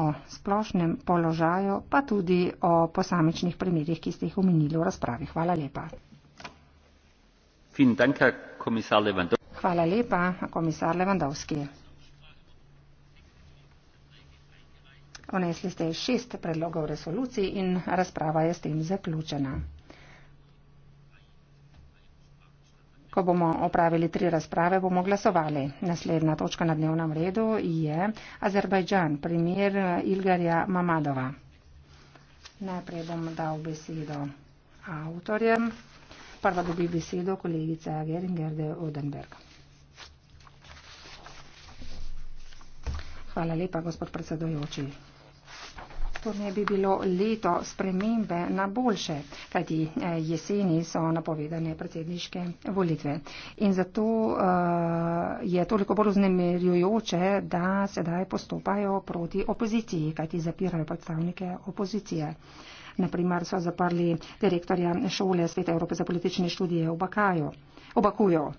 o splošnem položaju, pa tudi o posamičnih primerjih, ki ste jih omenili v razpravi. Hvala lepa. Hvala lepa, komisar Levandovski. Onesli ste šest predlogov resolucij in razprava je s tem zaključena. Ko bomo opravili tri razprave, bomo glasovali. Naslednja točka na dnevnem redu je Azerbajdžan, primer Ilgarja Mamadova. Najprej bom dal besedo avtorjem. Prva dobi besedo kolegica Geringer de Odenberg. Hvala lepa, gospod predsedojoči. To ne bi bilo leto spremembe na boljše, kajti eh, jeseni so napovedane predsedniške volitve. In zato uh, je toliko bolj znemirjujoče, da sedaj postopajo proti opoziciji, kajti zapirajo predstavnike opozicije. Naprimer so zaprli direktorja šole Sveta Evrope za politične študije v Bakaju. V Bakujo.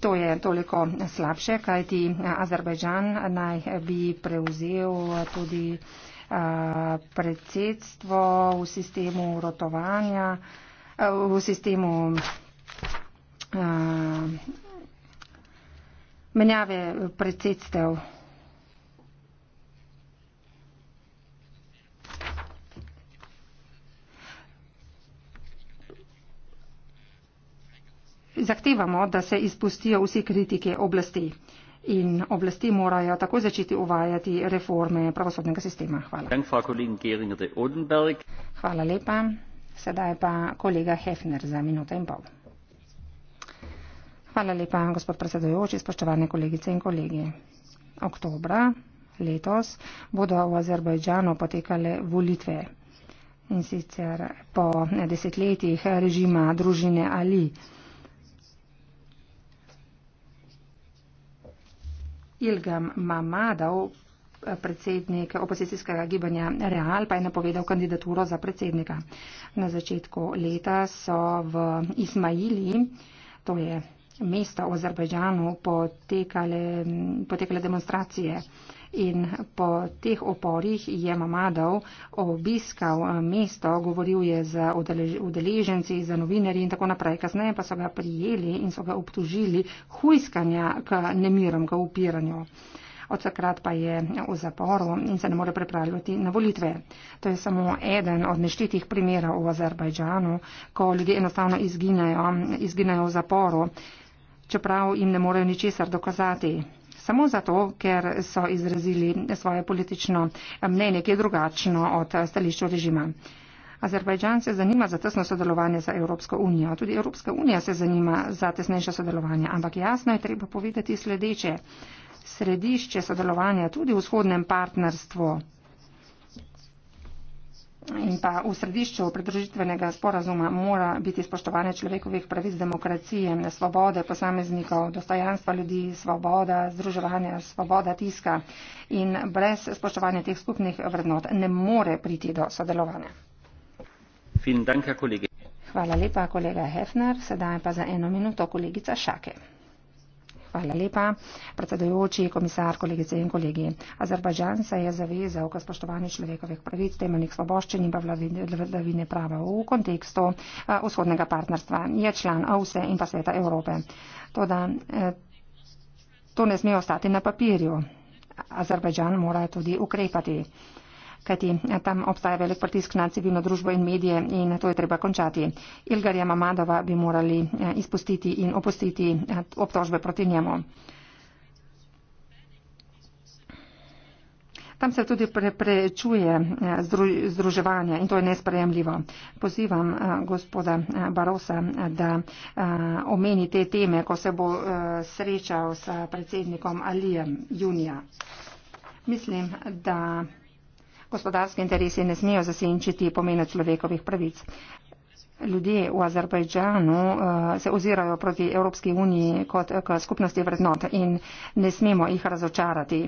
To je toliko slabše, kajti eh, Azerbajdžan naj bi prevzel tudi eh, predsedstvo v sistemu rotovanja, eh, v sistemu menjave predsedstev. Zahtevamo, da se izpustijo vsi kritike oblasti in oblasti morajo tako začeti uvajati reforme pravosodnega sistema. Hvala. Hvala lepa. Sedaj pa kolega Hefner za minuto in pol. Hvala lepa, gospod predsedujoči, spoštovane kolegice in kolegi. Oktobra letos bodo v Azerbajdžanu potekale volitve in sicer po desetletjih režima družine Ali. Ilgam Mamadov, predsednik opozicijskega gibanja Real, pa je napovedal kandidaturo za predsednika. Na začetku leta so v Ismaili, to je mesto v Azerbajdžanu, potekale, potekale demonstracije. In po teh oporih je Mamadov obiskal mesto, govoril je z udeleženci, z novinarji in tako naprej. Kasneje pa so ga prijeli in so ga obtužili hujskanja k nemirom, k upiranju. Od takrat pa je v zaporu in se ne more pripravljati na volitve. To je samo eden od neštitih primerov v Azerbajdžanu, ko ljudje enostavno izginejo, izginejo v zaporu, čeprav jim ne morejo ničesar dokazati samo zato, ker so izrazili svoje politično mnenje, ki je drugačno od stališča režima. Azerbajdžan se zanima za tesno sodelovanje za Evropsko unijo. Tudi Evropska unija se zanima za tesnejše sodelovanje. Ampak jasno je treba povedati sledeče. Središče sodelovanja tudi v vzhodnem partnerstvu in pa v središču pridružitvenega sporazuma mora biti spoštovanje človekovih pravic, demokracije, svobode posameznikov, dostojanstva ljudi, svoboda združevanja, svoboda tiska in brez spoštovanja teh skupnih vrednot ne more priti do sodelovanja. Hvala lepa, kolega Hefner. Sedaj pa za eno minuto kolegica Šake. Hvala lepa, predsedujoči, komisar, kolegice in kolegi. Azerbajdžan se je zavezal k spoštovanju človekovih pravic, temeljnih svoboščin in pa vladavine prava v kontekstu eh, vzhodnega partnerstva. Je član OVSE in pa sveta Evrope. Toda eh, to ne sme ostati na papirju. Azerbajdžan mora tudi ukrepati kajti eh, tam obstaja velik pritisk na civilno družbo in medije in to je treba končati. Ilgarja Mamadova bi morali eh, izpustiti in opustiti eh, obtožbe proti njemu. Tam se tudi preprečuje združevanje in to je nesprejemljivo. Pozivam gospoda Barosa, da omeni te teme, ko se bo srečal s predsednikom Alijem junija. Mislim, da gospodarski interesi ne smijo zasenčiti pomena človekovih pravic. Ljudje v Azerbajdžanu uh, se ozirajo proti Evropski uniji kot k skupnosti vrednot in ne smemo jih razočarati,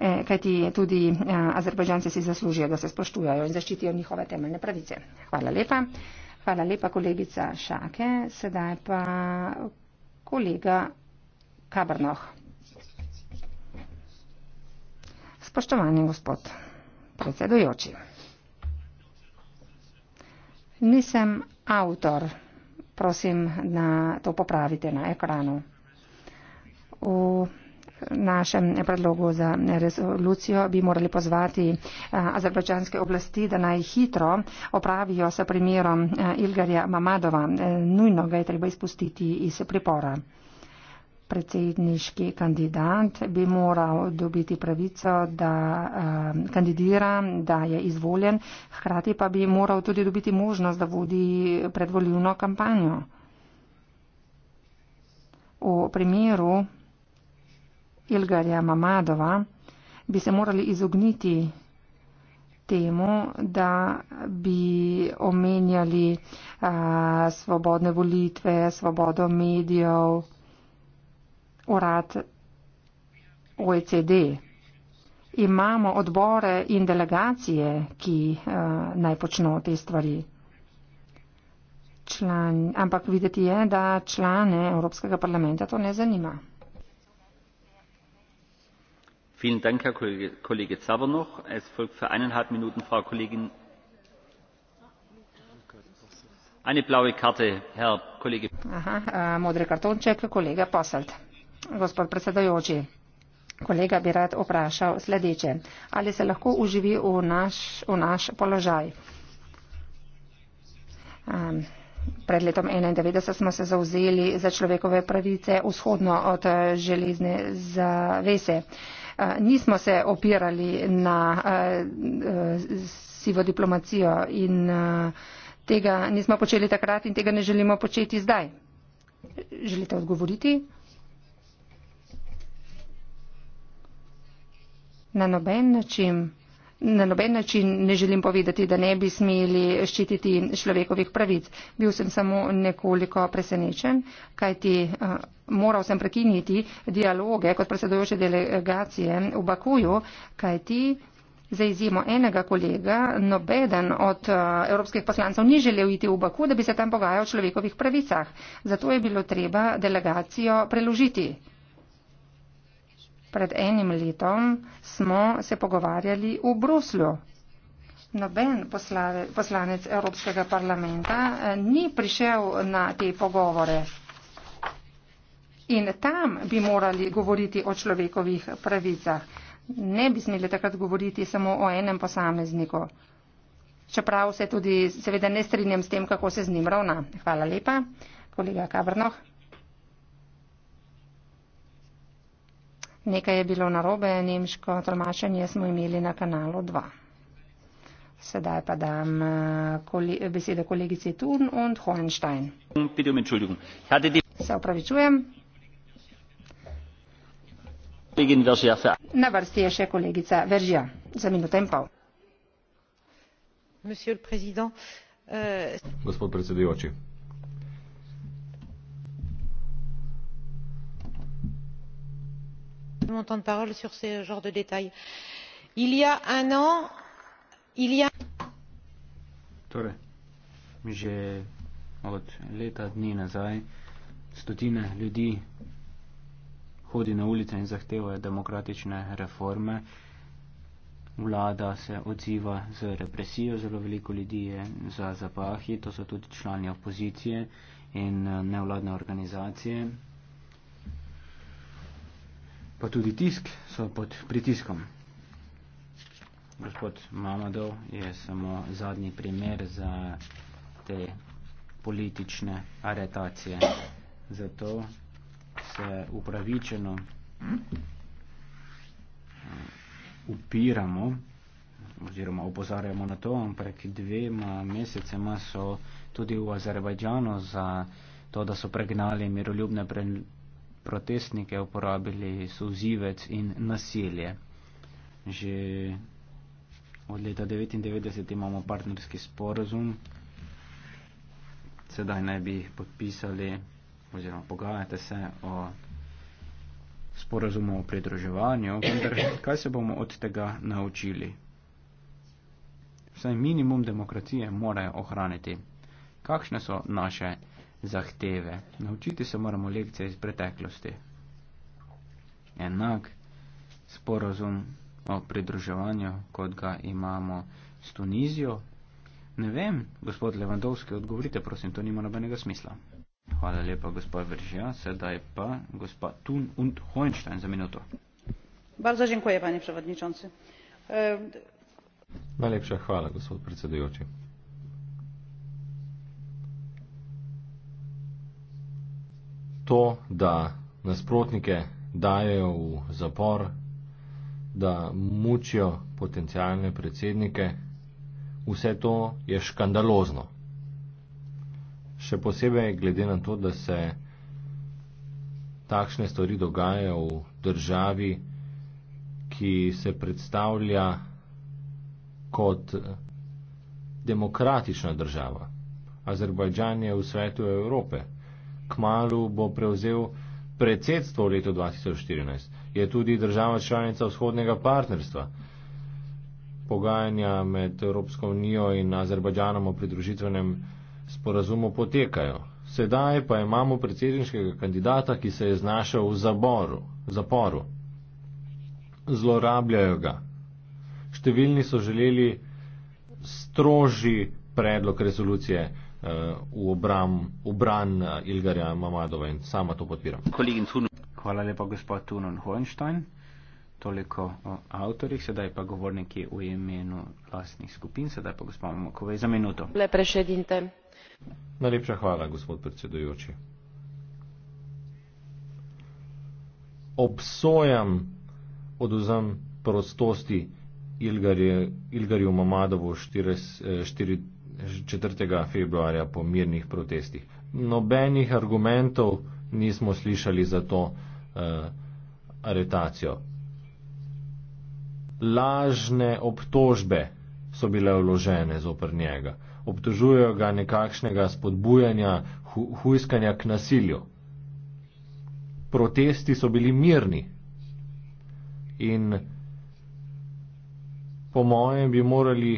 eh, kajti tudi eh, Azerbajdžanci si zaslužijo, da se spoštujajo in zaščitijo njihove temeljne pravice. Hvala lepa. Hvala lepa, kolegica Šake. Sedaj pa kolega Kabrnoh. Spoštovani gospod predsedujoči. Nisem avtor, prosim, na to popravite na ekranu. V našem predlogu za rezolucijo bi morali pozvati azerbajdžanske oblasti, da naj hitro opravijo s primerom Ilgarja Mamadova. E, nujno ga je treba izpustiti iz pripora predsedniški kandidat bi moral dobiti pravico, da eh, kandidira, da je izvoljen, hkrati pa bi moral tudi dobiti možnost, da vodi predvoljivno kampanjo. V primeru Ilgarja Mamadova bi se morali izogniti temu, da bi omenjali a, eh, svobodne volitve, svobodo medijev urad OECD. Imamo odbore in delegacije, ki uh, naj počno te stvari. Član, ampak videti je, da člane Evropskega parlamenta to ne zanima. Vielen Dank, Herr Kollege, Kollege Zabernoch. Es folgt für eineinhalb Minuten Frau Kollegin. Eine blaue Karte, Herr Kollege. Aha, äh, eh, modre Kartonček, Kollege Posselt gospod predsedajoči. Kolega bi rad vprašal sledeče. Ali se lahko uživi v naš, v naš položaj? Um, pred letom 1991 smo se zauzeli za človekove pravice vzhodno od železne zavese. Ehm, nismo se opirali na uh, sivo diplomacijo in uh, tega nismo počeli takrat in tega ne želimo početi zdaj. Želite odgovoriti? Na noben način. Na noben način ne želim povedati, da ne bi smeli ščititi človekovih pravic. Bil sem samo nekoliko presenečen, kajti uh, moral sem prekiniti dialoge kot predsedojoče delegacije v Bakuju, kajti za izjemo enega kolega nobeden od uh, evropskih poslancev ni želel iti v Baku, da bi se tam pogajal o človekovih pravicah. Zato je bilo treba delegacijo preložiti. Pred enim letom smo se pogovarjali v Bruslju. Noben poslanec Evropskega parlamenta eh, ni prišel na te pogovore. In tam bi morali govoriti o človekovih pravicah. Ne bi smeli takrat govoriti samo o enem posamezniku. Čeprav se tudi seveda ne strinjam s tem, kako se z njim ravna. Hvala lepa, kolega Kabrnoh. Nekaj je bilo narobe, nemško tolmačenje smo imeli na kanalu 2. Sedaj pa dam eh, koli, besedo kolegici Turn und Hohenstein. Um Se opravičujem. Na vrsti je še kolegica Veržija za minuto in pol. Euh, Gospod predsedujoči. peu mon temps de parole sur ce genre de détails. il y a un an il y a torej že od leta dni nazaj stotine ljudi hodi na ulice in zahtevajo demokratične reforme vlada se odziva z represijo zelo veliko ljudi je za zapahi to so tudi člani opozicije in eh, nevladne organizacije pa tudi tisk so pod pritiskom. Gospod Mamadov je samo zadnji primer za te politične aretacije. Zato se upravičeno eh, upiramo oziroma opozarjamo na to, ampak dvema mesecema so tudi v Azerbajdžanu za to, da so pregnali miroljubne protestnike uporabili suzivec in nasilje. Že od leta 1999 imamo partnerski sporozum, sedaj naj bi podpisali oziroma pogajate se o sporozumu o pridruževanju, vendar kaj se bomo od tega naučili? Vsaj minimum demokracije morajo ohraniti. Kakšne so naše zahteve. Naučiti se moramo lekcije iz preteklosti. Enak sporozum o pridruževanju, kot ga imamo s Tunizijo. Ne vem, gospod Levandovski, odgovorite, prosim, to nima nobenega smisla. Hvala lepa, gospod Veržija. Sedaj pa gospod Tun und Hoenstein za minuto. Bardzo dziękuję, panie przewodniczący. E, Najlepsza chwała, gospod predsedujący. to, da nasprotnike dajo v zapor, da mučijo potencijalne predsednike, vse to je škandalozno. Še posebej glede na to, da se takšne stvari dogajajo v državi, ki se predstavlja kot demokratična država. Azerbajdžan je v svetu Evrope kmalu bo prevzel predsedstvo v letu 2014. Je tudi država članica vzhodnega partnerstva. Pogajanja med Evropsko unijo in Azerbajdžanom o pridružitvenem sporazumu potekajo. Sedaj pa imamo predsedniškega kandidata, ki se je znašel v zaboru, zaporu. Zlorabljajo ga. Številni so želeli strožji predlog rezolucije. Eh, v obram, obran eh, Ilgarja Mamadova in sama to podpiram. Hvala lepa gospod Tunon Hohenstein. Toliko o avtorjih, sedaj pa govorniki v imenu vlastnih skupin, sedaj pa gospod Mokove za minuto. Lepre šedinte. Najlepša hvala, gospod predsedujoči. Obsojam oduzem prostosti Ilgarju Mamadovu 4, 4, 4. februarja po mirnih protestih. Nobenih argumentov nismo slišali za to uh, aretacijo. Lažne obtožbe so bile vložene zoper njega. Obtožujejo ga nekakšnega spodbujanja, hu huiskanja k nasilju. Protesti so bili mirni in po mojem bi morali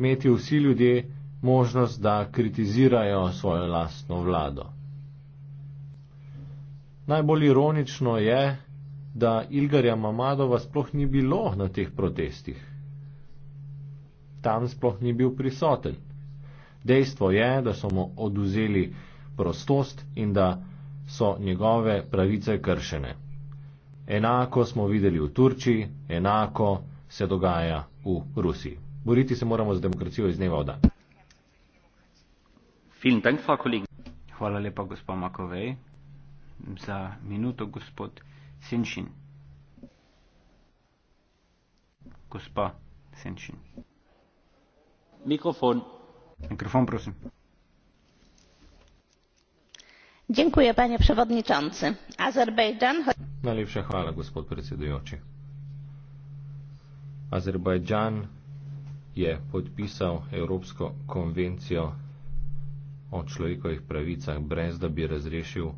imeti vsi ljudje, možnost, da kritizirajo svojo lastno vlado. Najbolj ironično je, da Ilgarja Mamadova sploh ni bilo na teh protestih. Tam sploh ni bil prisoten. Dejstvo je, da so mu oduzeli prostost in da so njegove pravice kršene. Enako smo videli v Turčiji, enako se dogaja v Rusiji. Boriti se moramo z demokracijo iz dneva v dan. Hvala lepa, gospod Makovej. Za minuto, gospod Senčin. Gospa Senčin. Mikrofon. Mikrofon, prosim. Dziękuję, panie przewodniczący. Azerbejdżan. Najlepsza chwała, gospod przewodniczący. Azerbejdżan je podpisał Europejską konwencję o človekovih pravicah, brez da bi razrešil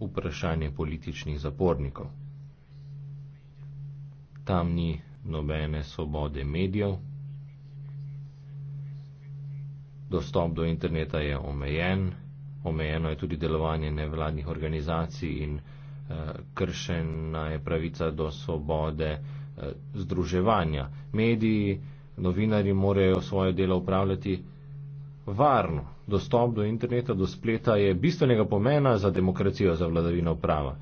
vprašanje političnih zapornikov. Tam ni nobene svobode medijev, dostop do interneta je omejen, omejeno je tudi delovanje nevladnih organizacij in eh, kršena je pravica do svobode eh, združevanja. Mediji, novinari morajo svoje delo upravljati Varno dostop do interneta, do spleta je bistvenega pomena za demokracijo, za vladavino prava.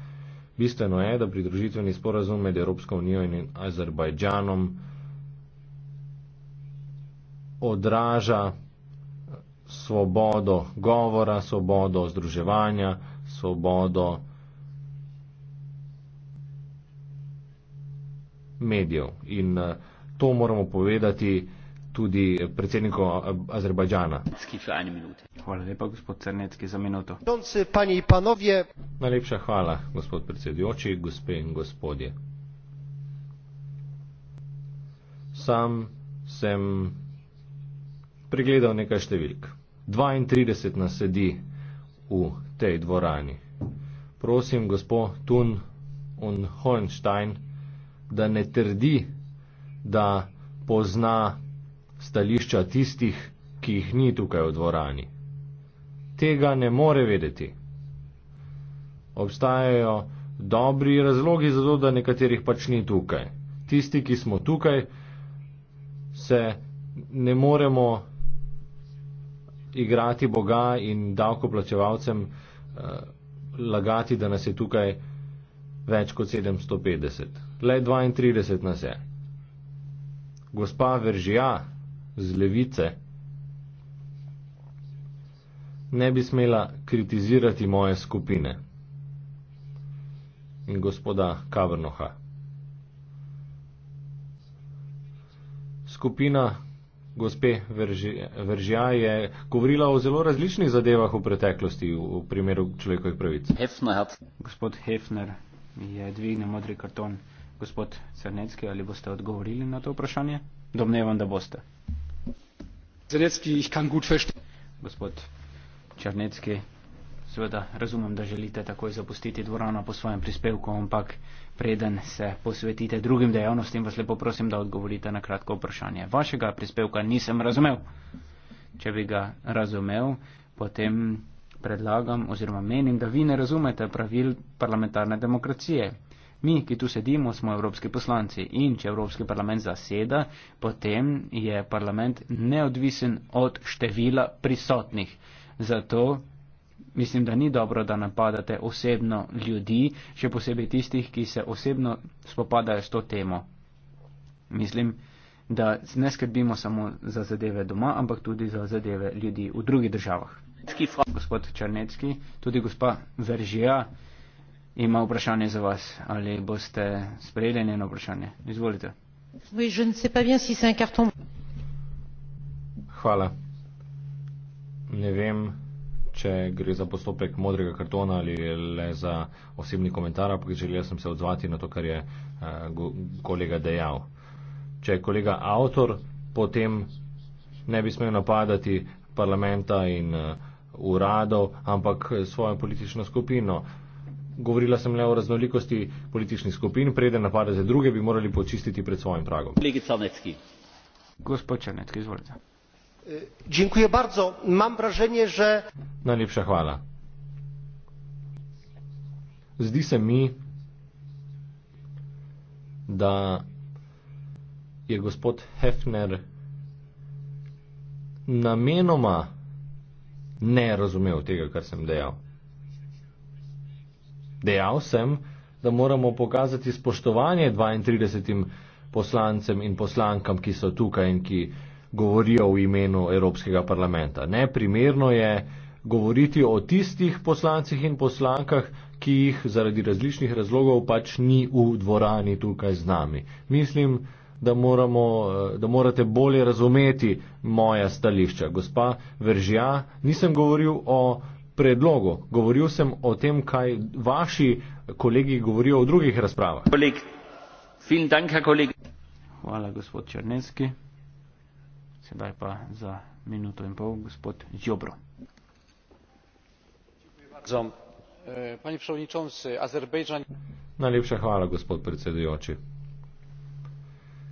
Bistveno je, da pridružitveni sporazum med Evropsko unijo in Azerbajdžanom odraža svobodo govora, svobodo združevanja, svobodo medijev. In eh, to moramo povedati tudi predsedniku Azerbajdžana. Hvala lepa, gospod Cernetski, za minuto. Donce, pani in panovje. Najlepša hvala, gospod predsedujoči, gospe in gospodje. Sam sem pregledal nekaj številk. 32 nas sedi v tej dvorani. Prosim, gospod Tun in Holnstein, da ne trdi, da pozna stališča tistih, ki jih ni tukaj v dvorani. Tega ne more vedeti. Obstajajo dobri razlogi za to, da nekaterih pač ni tukaj. Tisti, ki smo tukaj, se ne moremo igrati Boga in davkoplačevalcem eh, lagati, da nas je tukaj več kot 750. Le 32 nas je. Gospa Veržija, z levice. Ne bi smela kritizirati moje skupine in gospoda Kavrnoha. Skupina gospe Veržija je govorila o zelo različnih zadevah v preteklosti v primeru človekovih pravic. Hefner. Gospod Hefner je dvignil modri karton. Gospod Cernecki, ali boste odgovorili na to vprašanje? Domnevam, da boste. Zanetski, jih kam gut fešte. Gospod Črnecki, seveda razumem, da želite takoj zapustiti dvorano po svojem prispevku, ampak preden se posvetite drugim dejavnostim, vas lepo prosim, da odgovorite na kratko vprašanje. Vašega prispevka nisem razumel. Če bi ga razumel, potem predlagam oziroma menim, da vi ne razumete pravil parlamentarne demokracije. Mi, ki tu sedimo, smo evropski poslanci in če Evropski parlament zaseda, potem je parlament neodvisen od števila prisotnih. Zato mislim, da ni dobro, da napadate osebno ljudi, še posebej tistih, ki se osebno spopadajo s to temo. Mislim, da ne skrbimo samo za zadeve doma, ampak tudi za zadeve ljudi v drugih državah. Gospod Črnecki, tudi gospa Veržija ima vprašanje za vas ali boste sprejeli njeno vprašanje. Izvolite. Oui, je ne sais pas bien si c'est un carton. Hvala. Ne vem, če gre za postopek modrega kartona ali le za osebni komentar, ampak želel sem se odzvati na to, kar je uh, go, kolega dejal. Če je kolega avtor, potem ne bi smel napadati parlamenta in uh, uradov, ampak eh, svojo politično skupino govorila sem le o raznolikosti političnih skupin, preden napade za druge, bi morali počistiti pred svojim pragom. Gospod Črnetki, izvolite. E, dziękuję bardzo. Mam wrażenie, że. Najlepsza chwała. Zdi se mi, da je gospod Hefner namenoma ne razumel tega, kar sem dejal. Dejal sem, da moramo pokazati spoštovanje 32 poslancem in poslankam, ki so tukaj in ki govorijo v imenu Evropskega parlamenta. Neprimerno je govoriti o tistih poslancih in poslankah, ki jih zaradi različnih razlogov pač ni v dvorani tukaj z nami. Mislim, da, moramo, eh, da morate bolje razumeti moja stališča. Gospa Veržja, nisem govoril o predlogu. Govoril sem o tem, kaj vaši kolegi govorijo o drugih razpravah. Hvala, gospod Črnenski. Sedaj pa za minuto in pol, gospod Žjobro. Najlepša hvala, gospod predsedujoči.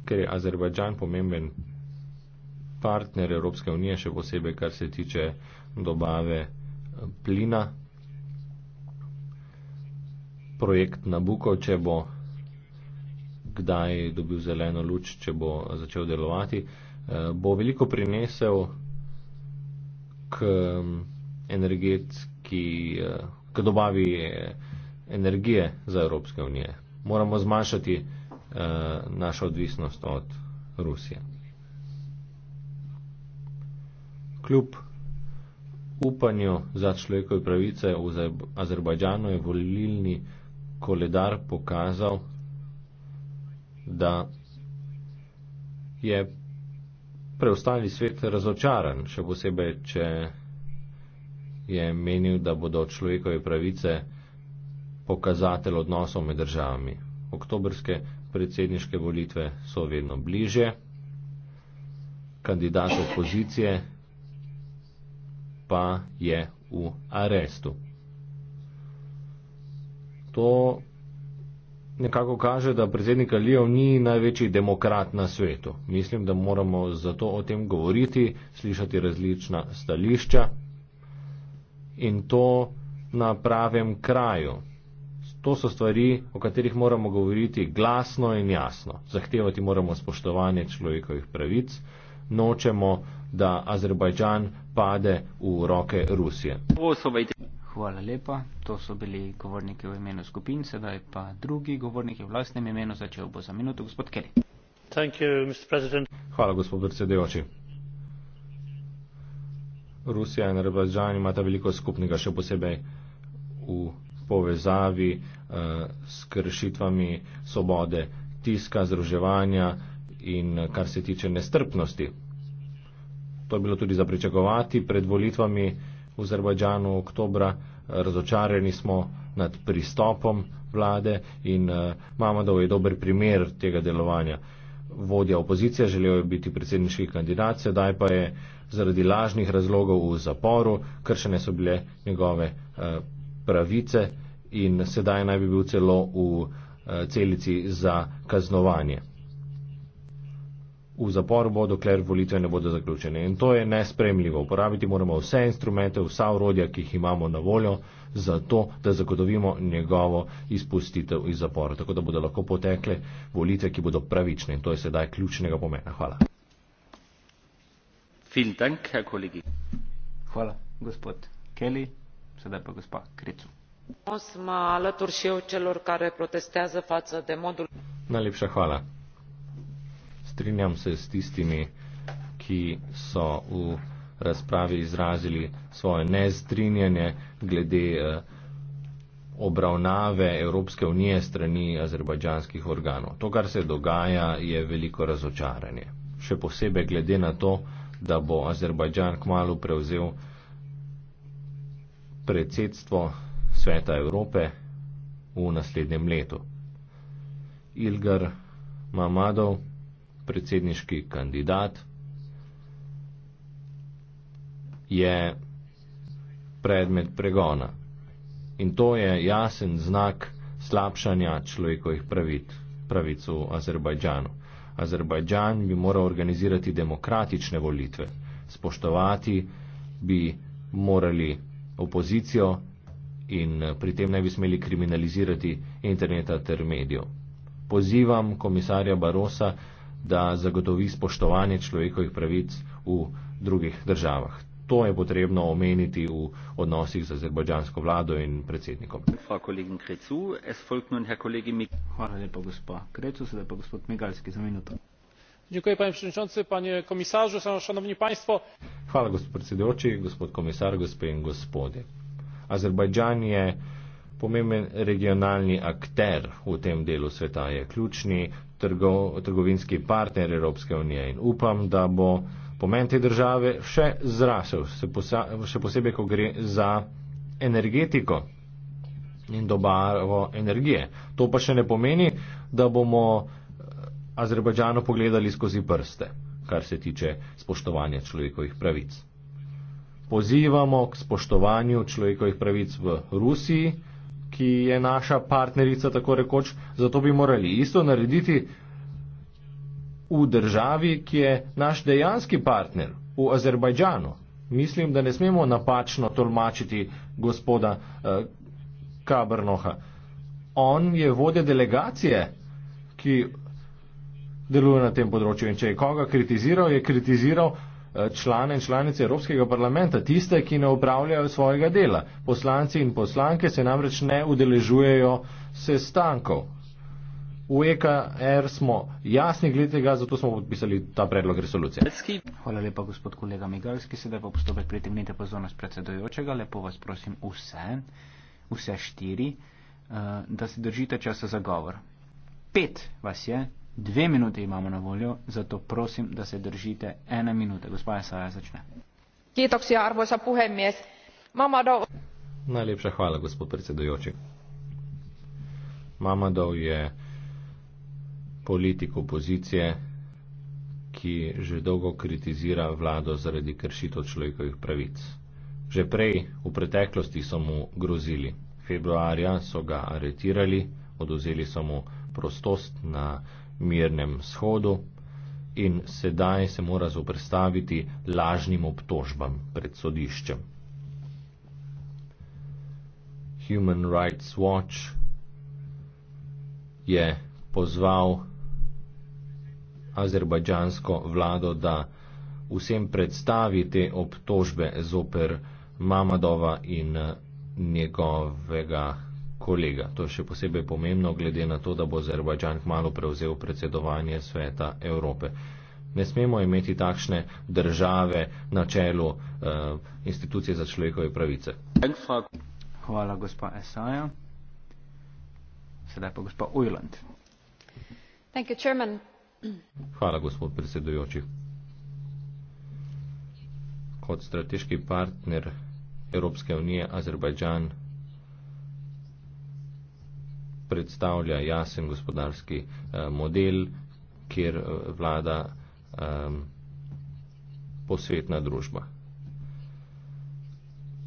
Ker je Azerbajdžan pomemben partner Evropske unije, še posebej kar se tiče dobave plina. Projekt Nabuko, če bo kdaj dobil zeleno luč, če bo začel delovati, eh, bo veliko prinesel k mm, energetski, eh, k dobavi eh, energije za Evropske unije. Moramo zmanjšati našo odvisnost od Rusije. Kljub upanju za človekove pravice v Azerbajdžanu je volilni koledar pokazal, da je preostali svet razočaran, še posebej, če je menil, da bodo človekove pravice pokazatelj odnosov med državami. Oktobrske predsedniške volitve so vedno bliže, kandidat opozicije pa je v arestu. To nekako kaže, da predsednik Alijev ni največji demokrat na svetu. Mislim, da moramo zato o tem govoriti, slišati različna stališča in to na pravem kraju. To so stvari, o katerih moramo govoriti glasno in jasno. Zahtevati moramo spoštovanje človekovih pravic, nočemo da Azerbajdžan pade v roke Rusije. Hvala lepa, to so bili govorniki v imenu skupin, sedaj pa drugi govorniki v lastnem imenu, začel bo za minuto gospod Kelly. Hvala, gospod predsedujoči. Rusija in Azerbajdžan imata veliko skupnega, še posebej v povezavi eh, s kršitvami svobode tiska, združevanja in kar se tiče nestrpnosti to je bilo tudi za pričakovati pred volitvami v Azerbajdžanu oktobra, eh, razočarjeni smo nad pristopom vlade in eh, Mamadov je dober primer tega delovanja. Vodja opozicije želel je biti predsedniški kandidat, sedaj pa je zaradi lažnih razlogov v zaporu, kršene so bile njegove eh, pravice in sedaj naj bi bil celo v celici za kaznovanje v zaporu bo, dokler volitve ne bodo zaključene. In to je nespremljivo. Uporabiti moramo vse instrumente, vsa urodja, ki jih imamo na voljo, zato, da zagotovimo njegovo izpustitev iz zapora, tako da bodo lahko potekle volitve, ki bodo pravične. In to je sedaj ključnega pomena. Hvala. Dank, Hvala, gospod Kelly. Sedaj pa gospa Krecu. Osma, alături și eu celor care protestează față de modul. Najlepša hvala strinjam se s tistimi, ki so v razpravi izrazili svoje nestrinjanje glede eh, obravnave Evropske unije strani azerbajdžanskih organov. To, kar se dogaja, je veliko razočaranje. Še posebej glede na to, da bo Azerbajdžan kmalo prevzel predsedstvo Sveta Evrope v naslednjem letu. Ilgar Mamadov predsedniški kandidat, je predmet pregona. In to je jasen znak slabšanja človekovih pravic, pravic v Azerbajdžanu. Azerbajdžan bi moral organizirati demokratične volitve, spoštovati bi morali opozicijo in eh, pri tem ne bi smeli kriminalizirati interneta ter medijev. Pozivam komisarja Barosa, da zagotovi spoštovanje človekovih pravic v drugih državah. To je potrebno omeniti v odnosih z azerbajdžansko vlado in predsednikom. Hvala lepa, gospa Krecu, sedaj pa gospod Migalski za minuto. Dziękuję panie przewodniczący, panie komisarzu, szanowni państwo. Hvala, gospod predsedujoči, gospod komisar, gospe in gospodje. Azerbajdžan je pomemben regionalni akter v tem delu sveta, je ključni trgo, trgovinski partner Evropske unije in upam, da bo pomen te države še zrasel, še posebej, ko gre za energetiko in dobavo energije. To pa še ne pomeni, da bomo eh, Azerbajdžano pogledali skozi prste, kar se tiče spoštovanja človekovih pravic. Pozivamo k spoštovanju človekovih pravic v Rusiji, ki je naša partnerica, tako rekoč, zato bi morali isto narediti v državi, ki je naš dejanski partner, v Azerbajdžanu. Mislim, da ne smemo napačno tolmačiti gospoda eh, Kabrnoha. On je vodja delegacije, ki deluje na tem področju in če je koga kritiziral, je kritiziral Eh, člane in članice Evropskega parlamenta, tiste, ki ne upravljajo svojega dela. Poslanci in poslanke se namreč ne udeležujejo sestankov. V EKR smo jasni glede tega, zato smo podpisali ta predlog resolucije. Hvala lepa, gospod kolega Migalski. Sedaj pa postopek pritegnite pozornost predsedojočega. Lepo vas prosim vse, vse štiri, eh, da se držite časa za govor. Pet vas je, Dve minuti imamo na voljo, zato prosim, da se držite ene minute. Gospa Esaja začne. Kitoksia, arvoisa puhemies. Mamadov. Najlepša hvala, gospod predsedujoči. Mamadov je politik opozicije, ki že dolgo kritizira vlado zaradi kršitev človekovih pravic. Že prej, v preteklosti, so mu grozili. Februarja so ga aretirali, oduzeli so mu prostost na mirnem shodu in sedaj se mora zoprstaviti lažnim obtožbam pred sodiščem. Human Rights Watch je pozval azerbajdžansko vlado, da vsem predstavi te obtožbe zoper Mamadova in njegovega kolega. To je še posebej pomembno, glede na to, da bo Azerbajdžan kmalo prevzel predsedovanje sveta Evrope. Ne smemo imeti takšne države na čelu eh, institucije za človekove pravice. Hvala, gospa Esaja. Sedaj pa gospa Ujland. You, Hvala, gospod predsedujoči. Kot strateški partner Evropske unije, Azerbajdžan predstavlja jasen gospodarski eh, model, kjer eh, vlada ehm, posvetna družba.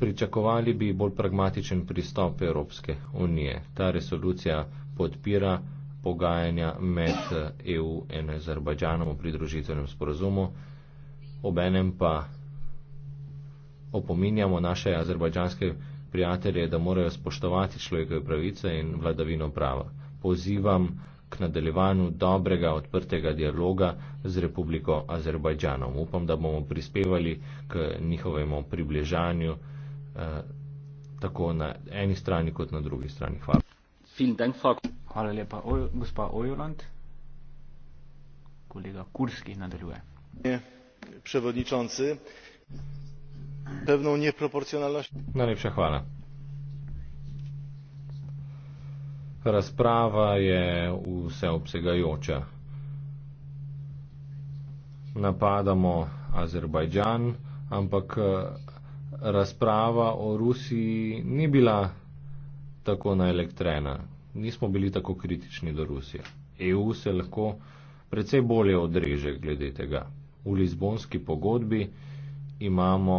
Pričakovali bi bolj pragmatičen pristop Evropske unije. Ta resolucija podpira pogajanja med eh, EU in Azerbajdžanom o pridružitvenem sporozumu, obenem pa opominjamo naše azerbajdžanske prijatelje, da morajo spoštovati človekove pravice in vladavino prava. Pozivam k nadaljevanju dobrega, odprtega dialoga z Republiko Azerbajdžanom. Upam, da bomo prispevali k njihovemu približanju eh, tako na eni strani kot na drugi strani. Hvala. Hvala lepa, Ojo, gospa Ojoland. Kolega Kurski nadaljuje. Je, przewodniczący pewną nieproporcjonalność. Najlepsza chwala. Rozprawa je vse obsegajoča. Napadamo Azerbajdžan, ampak razprava o Rusiji ni bila tako naelektrena. Nismo bili tako kritični do Rusije. EU se lahko precej bolje odreže glede tega. V Lizbonski pogodbi imamo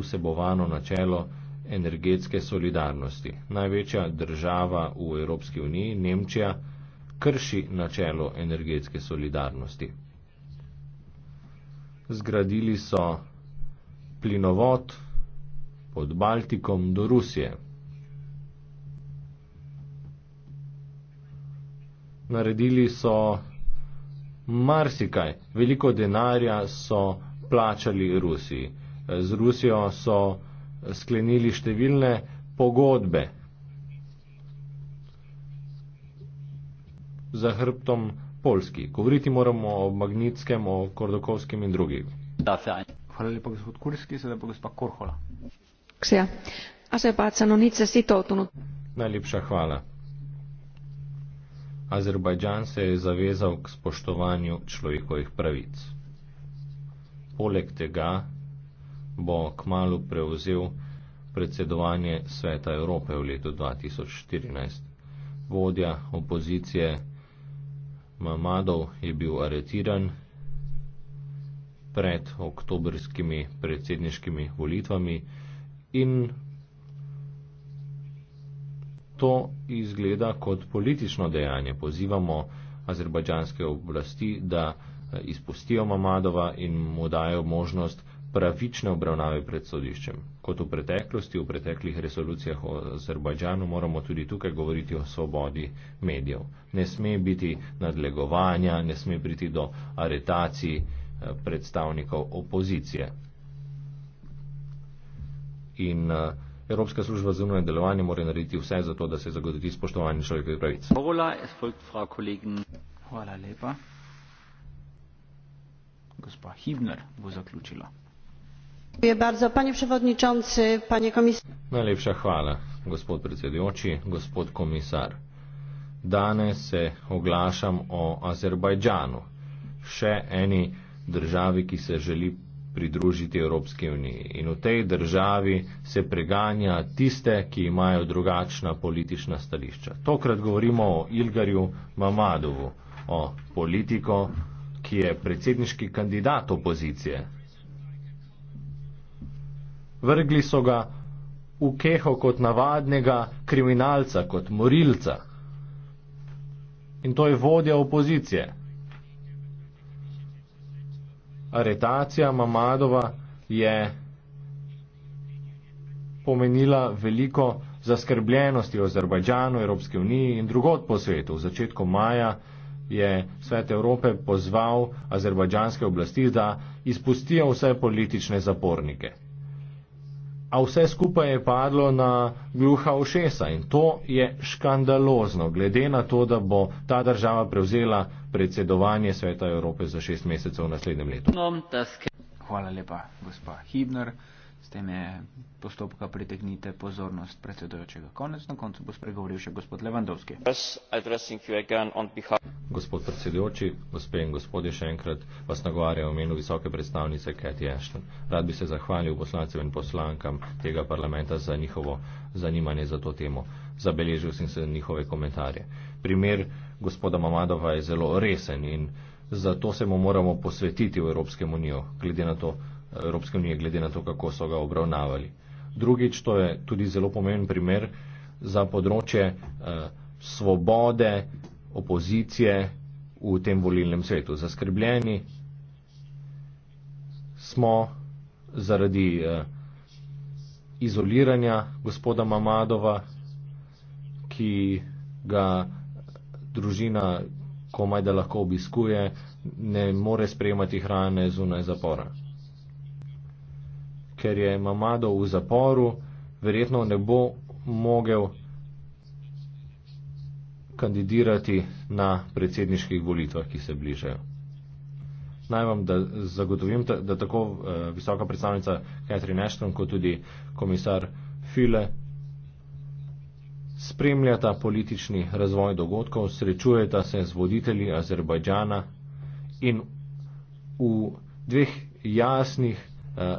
vsebovano načelo energetske solidarnosti. Največja država v Evropski uniji, Nemčija, krši načelo energetske solidarnosti. Zgradili so plinovod pod Baltikom do Rusije. Naredili so marsikaj, veliko denarja so plačali Rusiji z Rusijo so sklenili številne pogodbe. Za hrbtom Polski. Govoriti moramo o Magnitskem, o Kordokovskem in drugih. Hvala lepa, gospod Kurski, sedaj pa gospa Korhola. Najlepša hvala. Azerbajdžan se je zavezal k spoštovanju človekovih pravic. Poleg tega bo kmalo prevzel predsedovanje Sveta Evrope v letu 2014. Vodja opozicije Mamadov je bil aretiran pred oktobrskimi predsedniškimi volitvami in to izgleda kot politično dejanje. Pozivamo azerbajdžanske oblasti, da eh, izpustijo Mamadova in mu dajo možnost, pravične obravnave pred sodiščem. Kot v preteklosti, v preteklih resolucijah o Azerbajdžanu moramo tudi tukaj govoriti o svobodi medijev. Ne sme biti nadlegovanja, ne sme priti do aretacij eh, predstavnikov opozicije. In eh, Evropska služba za zunanje delovanje mora narediti vse za to, da se zagotovi spoštovanje človekovih pravic. Hvala lepa. Gospa Hibner bo zaključila. Panie przewodniczący, panie komisarzu. Najlepsza chwała, gospod przewodniczący, gospod komisar. Danes se oglašam o Azerbajdžanu, še eni državi, ki se želi pridružiti Evropski uniji. In v tej državi se preganja tiste, ki imajo drugačna politična stališča. Tokrat govorimo o Ilgarju Mamadovu, o politiko, ki je predsedniški kandidat opozicije vrgli so ga v keho kot navadnega kriminalca, kot morilca. In to je vodja opozicije. Aretacija Mamadova je pomenila veliko zaskrbljenosti v Azerbajdžanu, Evropski uniji in drugot po svetu. V začetku maja je svet Evrope pozval azerbajdžanske oblasti, da izpustijo vse politične zapornike a vse skupaj je padlo na gluha ušesa in to je škandalozno, glede na to, da bo ta država prevzela predsedovanje Sveta Evrope za šest mesecev v naslednjem letu. Hvala lepa, gospa Hibner. S tem je postopka pritegnite pozornost predsedojočega. Konec na koncu bo spregovoril še gospod Levandovski. Gospod predsedojoči, gospe in gospodje, še enkrat vas nagovarjam v imenu visoke predstavnice Cathy Ashton. Rad bi se zahvalil poslancem in poslankam tega parlamenta za njihovo zanimanje za to temo. Zabeležil sem se njihove komentarje. Primer gospoda Mamadova je zelo resen in zato se mu moramo posvetiti v Evropskem uniju, glede na to, Evropske unije, glede na to, kako so ga obravnavali. Drugič, to je tudi zelo pomemben primer za področje eh, svobode opozicije v tem volilnem svetu. Zaskrbljeni smo zaradi eh, izoliranja gospoda Mamadova, ki ga družina komaj da lahko obiskuje, ne more sprejemati hrane zunaj zapora ker je Mamado v zaporu, verjetno ne bo mogel kandidirati na predsedniških volitvah, ki se bližajo. Naj vam da zagotovim, da tako eh, visoka predstavnica Catherine Ashton kot tudi komisar File spremljata politični razvoj dogodkov, srečujeta se z voditelji Azerbajdžana in v dveh jasnih eh,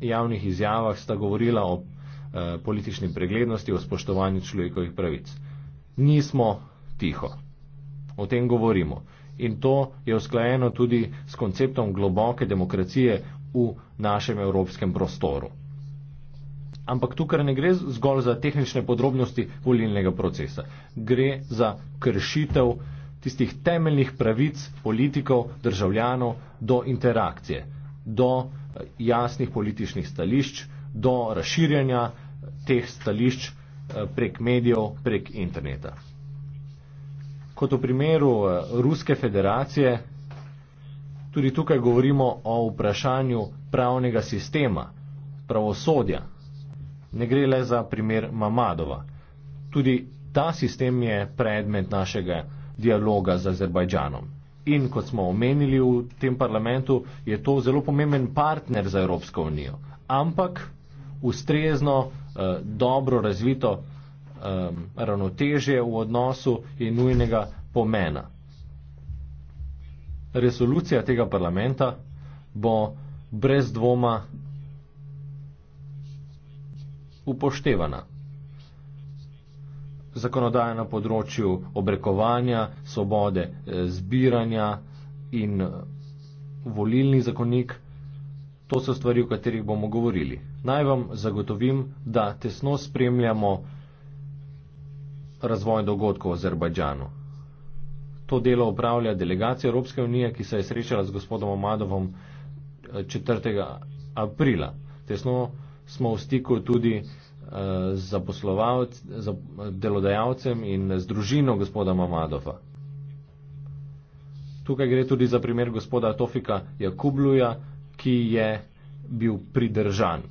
javnih izjavah sta govorila o eh, politični preglednosti, o spoštovanju človekovih pravic. Nismo tiho. O tem govorimo. In to je usklajeno tudi s konceptom globoke demokracije v našem evropskem prostoru. Ampak tukaj ne gre zgolj za tehnične podrobnosti volilnega procesa. Gre za kršitev tistih temeljnih pravic politikov, državljanov do interakcije, do jasnih političnih stališč do razširjanja teh stališč eh, prek medijev, prek interneta. Kot v primeru eh, Ruske federacije, tudi tukaj govorimo o vprašanju pravnega sistema, pravosodja. Ne gre le za primer Mamadova. Tudi ta sistem je predmet našega dialoga z Azerbajdžanom in kot smo omenili v tem parlamentu, je to zelo pomemben partner za Evropsko unijo. Ampak ustrezno, eh, dobro razvito ehm, ravnotežje v odnosu je nujnega pomena. Resolucija tega parlamenta bo brez dvoma upoštevana zakonodaje na področju obrekovanja, svobode eh, zbiranja in eh, volilni zakonik. To so stvari, o katerih bomo govorili. Naj vam zagotovim, da tesno spremljamo razvoj dogodkov v Azerbajdžanu. To delo upravlja delegacija Evropske unije, ki se je srečala z gospodom Omadovom 4. Eh, aprila. Tesno smo v stiku tudi Eh, z delodajalcem in z družino gospoda Mamadova. Tukaj gre tudi za primer gospoda Tofika Jakubluja, ki je bil pridržan.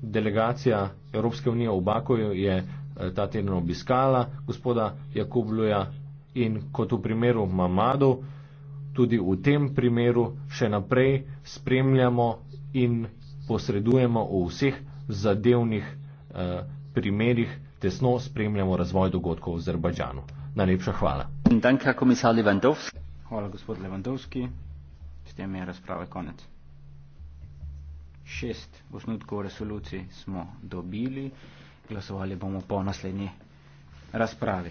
Delegacija Evropske unije v Bakoju je eh, ta teden obiskala gospoda Jakubluja in kot v primeru Mamadov, tudi v tem primeru še naprej spremljamo in posredujemo v vseh zadevnih eh, primerjih, tesno spremljamo razvoj dogodkov v Azerbajdžanu. Najlepša hvala. Danka, komisar Levandovski. Hvala, gospod Levandovski. S tem je razprave konec. Šest osnutkov resolucij smo dobili, glasovali bomo po naslednji razpravi.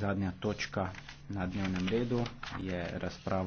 Zadnja točka na dnevnem redu je razprava.